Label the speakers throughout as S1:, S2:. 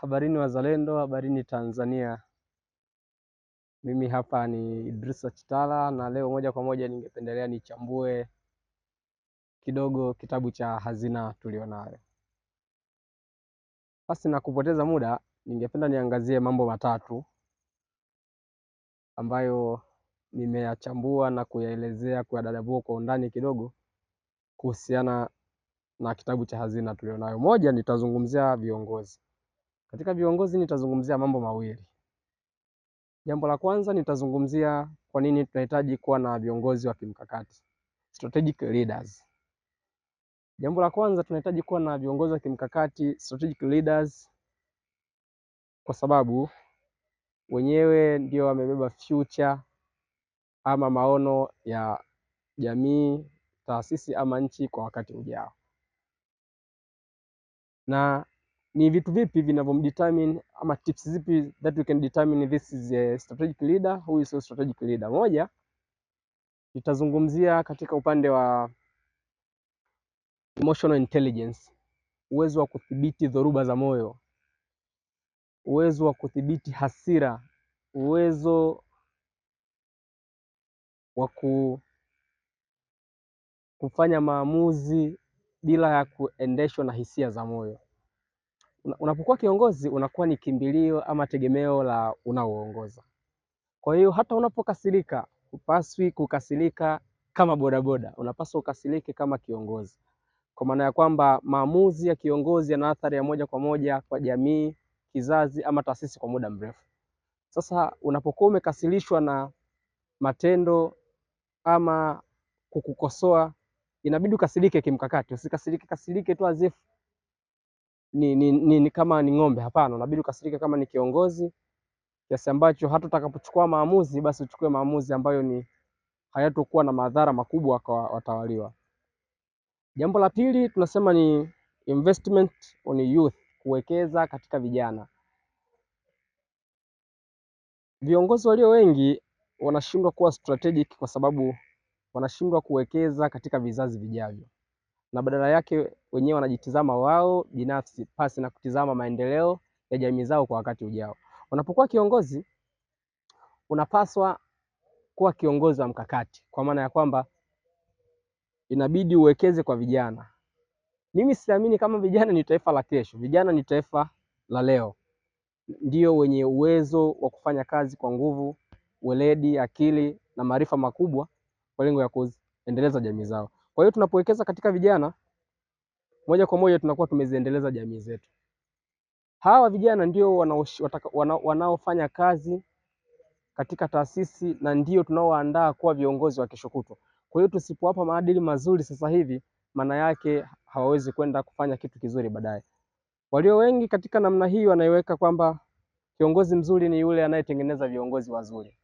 S1: Habarini wazalendo, habarini Tanzania. Mimi hapa ni Idrisa Chitala na leo moja kwa moja ningependelea nichambue kidogo kitabu cha hazina tulionayo. Basi na kupoteza muda, ningependa niangazie mambo matatu ambayo nimeyachambua na kuyaelezea, kuyadadavua kwa undani kidogo kuhusiana na kitabu cha hazina tulionayo. Moja, nitazungumzia viongozi katika viongozi nitazungumzia mambo mawili. Jambo la kwanza nitazungumzia kwa nini tunahitaji kuwa na viongozi wa kimkakati, strategic leaders. Jambo la kwanza tunahitaji kuwa na viongozi wa kimkakati, strategic leaders, kwa sababu wenyewe ndio wamebeba future ama maono ya jamii, taasisi ama nchi kwa wakati ujao na ni vitu vipi vinavyomdetermine ama tips zipi that we can determine this is a strategic leader, who is a strategic leader. Moja, nitazungumzia katika upande wa emotional intelligence, uwezo wa kudhibiti dhoruba za moyo, uwezo wa kudhibiti hasira, uwezo wa kufanya maamuzi bila ya kuendeshwa na hisia za moyo. Unapokuwa kiongozi unakuwa ni kimbilio ama tegemeo la unaoongoza. Kwa hiyo hata unapokasirika upaswi kukasirika kama bodaboda, unapaswa ukasirike kama kiongozi, kwa maana ya kwamba maamuzi ya kiongozi yana athari ya moja kwa moja kwa jamii, kizazi ama taasisi kwa muda mrefu. Sasa unapokuwa umekasirishwa na matendo ama kukukosoa, inabidi ukasirike kimkakati, usikasirike kasirike tu azifu ni, ni, ni, ni kama ni ng'ombe. Hapana, unabidi ukasirike kama ni kiongozi, kiasi ambacho hata utakapochukua maamuzi, basi uchukue maamuzi ambayo ni hayatokuwa na madhara makubwa kwa watawaliwa. Jambo la pili tunasema ni investment on youth, kuwekeza katika vijana. Viongozi walio wengi wanashindwa kuwa strategic kwa sababu wanashindwa kuwekeza katika vizazi vijavyo na badala yake wenyewe wanajitizama wao binafsi pasi na kutizama maendeleo ya jamii zao kwa wakati ujao. Unapokuwa kiongozi, unapaswa kuwa kiongozi wa mkakati, kwa maana ya kwamba inabidi uwekeze kwa vijana. Mimi siamini kama vijana ni taifa la kesho. Vijana ni taifa la leo, ndio wenye uwezo wa kufanya kazi kwa nguvu, weledi, akili na maarifa makubwa kwa lengo ya kuendeleza jamii zao. Kwa hiyo tunapowekeza katika vijana, moja kwa moja tunakuwa tumeziendeleza jamii zetu. Hawa vijana ndio wanaofanya kazi katika taasisi na ndio tunaoandaa kuwa viongozi wa kesho kutwa. Kwa hiyo tusipowapa maadili mazuri sasa hivi, maana yake hawawezi kwenda kufanya kitu kizuri baadaye. Walio wengi katika namna hii wanaiweka kwamba kiongozi mzuri ni yule anayetengeneza viongozi wazuri.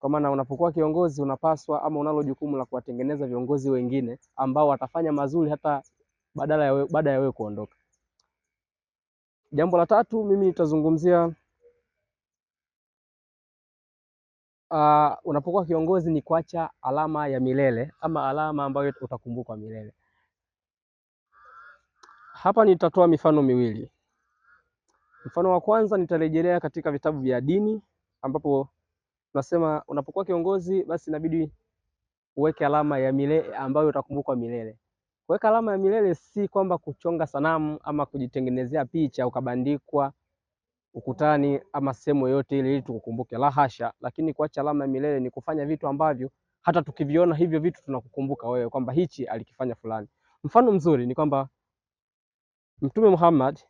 S1: Kwa maana unapokuwa kiongozi unapaswa ama unalo jukumu la kuwatengeneza viongozi wengine ambao watafanya mazuri hata badala ya wewe, baada ya wewe kuondoka. Jambo la tatu mimi nitazungumzia uh, unapokuwa kiongozi ni kuacha alama ya milele ama alama ambayo utakumbukwa milele. Hapa nitatoa mifano miwili. Mfano wa kwanza nitarejelea katika vitabu vya dini ambapo tunasema unapokuwa kiongozi basi inabidi uweke alama ya milele ambayo utakumbukwa milele. Kuweka alama ya milele si kwamba kuchonga sanamu ama kujitengenezea picha ukabandikwa ukutani ama sehemu yoyote ile ili tukukumbuke, la hasha. Lakini kuacha alama ya milele ni kufanya vitu ambavyo hata tukiviona hivyo vitu tunakukumbuka wewe kwamba hichi alikifanya fulani. Mfano mzuri ni kwamba Mtume Muhammad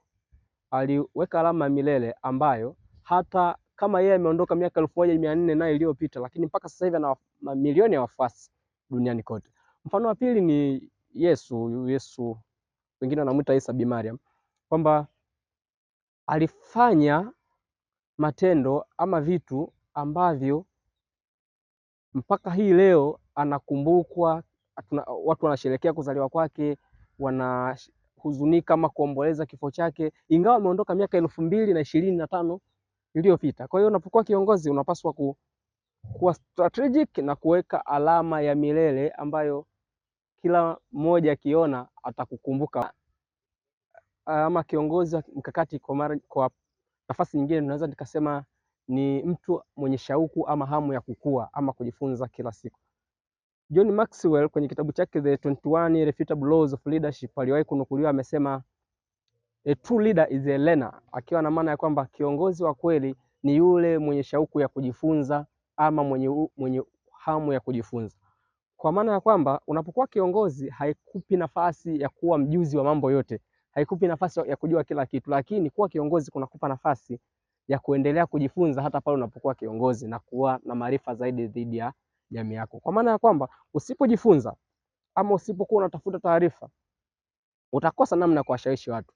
S1: aliweka alama ya milele ambayo hata kama yeye ameondoka miaka elfu moja mia nne nayo iliyopita, lakini mpaka sasa hivi ana mamilioni ya wafuasi duniani kote. Mfano wa pili ni Yesu. Yesu wengine wanamwita Isa bi Maryam, kwamba alifanya matendo ama vitu ambavyo mpaka hii leo anakumbukwa, watu wanasherehekea kuzaliwa kwake, wanahuzunika ama kuomboleza kifo chake, ingawa ameondoka miaka elfu mbili na ishirini na tano iliyopita. Kwa hiyo unapokuwa kiongozi unapaswa ku, kuwa strategic na kuweka alama ya milele ambayo kila mmoja akiona atakukumbuka. Ama kiongozi wa mkakati kwa, mara, kwa nafasi nyingine tunaweza nikasema ni mtu mwenye shauku ama hamu ya kukua ama kujifunza kila siku. John Maxwell kwenye kitabu chake The 21 Irrefutable Laws of Leadership aliwahi kunukuliwa amesema A true leader is a learner, akiwa na maana ya kwamba kiongozi wa kweli ni yule mwenye shauku ya kujifunza ama mwenye, mwenye hamu ya kujifunza, kwa maana ya kwamba unapokuwa kiongozi haikupi nafasi ya kuwa mjuzi wa mambo yote, haikupi nafasi ya kujua kila kitu, lakini kuwa kiongozi kunakupa nafasi ya kuendelea kujifunza hata pale unapokuwa kiongozi na kuwa na maarifa zaidi dhidi ya jamii yako, kwa maana ya kwamba usipojifunza ama usipokuwa unatafuta taarifa utakosa namna ya kuwashawishi watu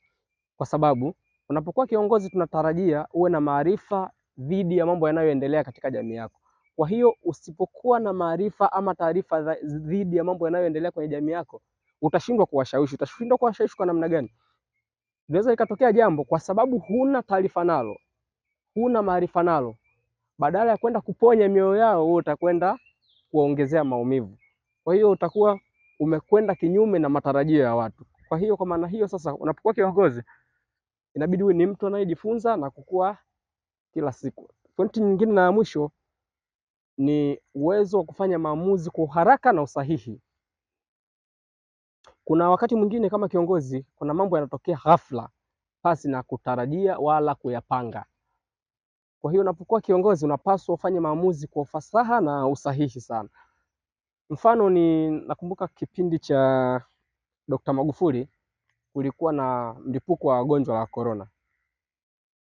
S1: kwa sababu unapokuwa kiongozi tunatarajia uwe na maarifa dhidi ya mambo yanayoendelea katika jamii yako. Kwa hiyo usipokuwa na maarifa ama taarifa dhidi ya mambo yanayoendelea kwenye jamii yako, utashindwa kuwashawishi. Utashindwa kuwashawishi kwa namna gani? Inaweza ikatokea jambo kwa sababu huna taarifa nalo, huna maarifa nalo, badala ya kwenda kuponya mioyo yao, wewe utakwenda kuongezea maumivu. Kwa hiyo utakuwa umekwenda kinyume na matarajio ya watu. Kwa hiyo kwa maana hiyo, sasa unapokuwa kiongozi inabidi uwe ni mtu anayejifunza na kukua kila siku. Pointi nyingine na ya mwisho ni uwezo wa kufanya maamuzi kwa uharaka na usahihi. Kuna wakati mwingine kama kiongozi, kuna mambo yanatokea ghafla pasi na kutarajia wala kuyapanga. Kwa hiyo unapokuwa kiongozi, unapaswa ufanye maamuzi kwa ufasaha na usahihi sana. Mfano ni nakumbuka kipindi cha Dr. Magufuli kulikuwa na mlipuko wa gonjwa la corona.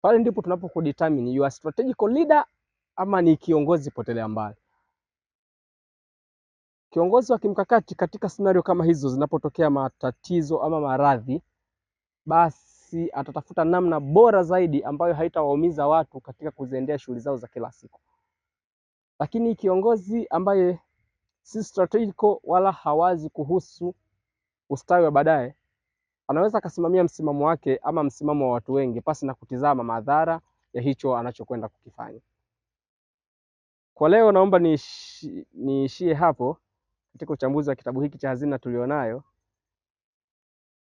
S1: Pale ndipo tunapokudetermine your strategic leader ama ni kiongozi potelea mbali. Kiongozi wa kimkakati katika scenario kama hizo zinapotokea matatizo ama maradhi, basi atatafuta namna bora zaidi ambayo haitawaumiza watu katika kuziendea shughuli zao za kila siku. Lakini kiongozi ambaye si strategic wala hawazi kuhusu ustawi wa baadaye, anaweza akasimamia msimamo wake ama msimamo wa watu wengi pasi na kutizama madhara ya hicho anachokwenda kukifanya. Kwa leo naomba niishie ni hapo katika uchambuzi wa kitabu hiki cha hazina tulionayo,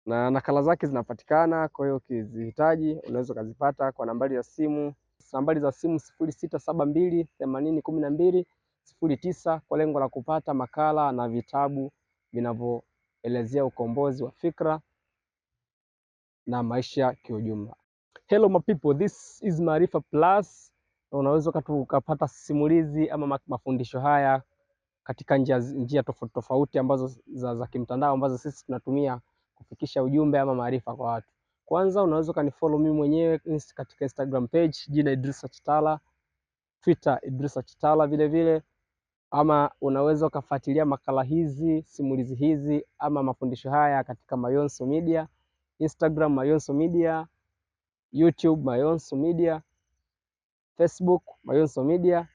S1: na nakala zake zinapatikana. Kwa hiyo ukizihitaji unaweza ukazipata kwa nambari ya simu, nambari za simu sifuri sita saba mbili themanini kumi na mbili sifuri tisa kwa lengo la kupata makala na vitabu vinavyoelezea ukombozi wa fikra na maisha kiujumla. Hello my people, this is Maarifa Plus. Unaweza ukapata simulizi ama mafundisho haya katika njia, njia tofauti tofauti ambazo za, za kimtandao ambazo sisi tunatumia kufikisha ujumbe ama maarifa kwa watu. Kwanza unaweza ukanifollow mimi mwenyewe katika Instagram page jina Idrisa Chitala, Twitter Idrisa Chitala vile vile, ama unaweza ukafuatilia makala hizi simulizi hizi ama mafundisho haya katika Mayonso Media Instagram Mayonso Media, YouTube Mayonso Media, Facebook Mayonso Media